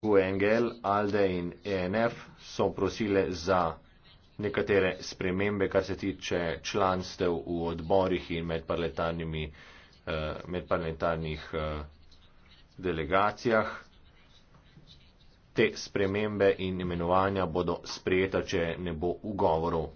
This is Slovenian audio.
UNGL, ALDE in ENF so prosile za nekatere spremembe, kar se tiče članstev v odborih in medparlamentarnih eh, eh, delegacijah. Te spremembe in imenovanja bodo sprejeta, če ne bo ugovorov.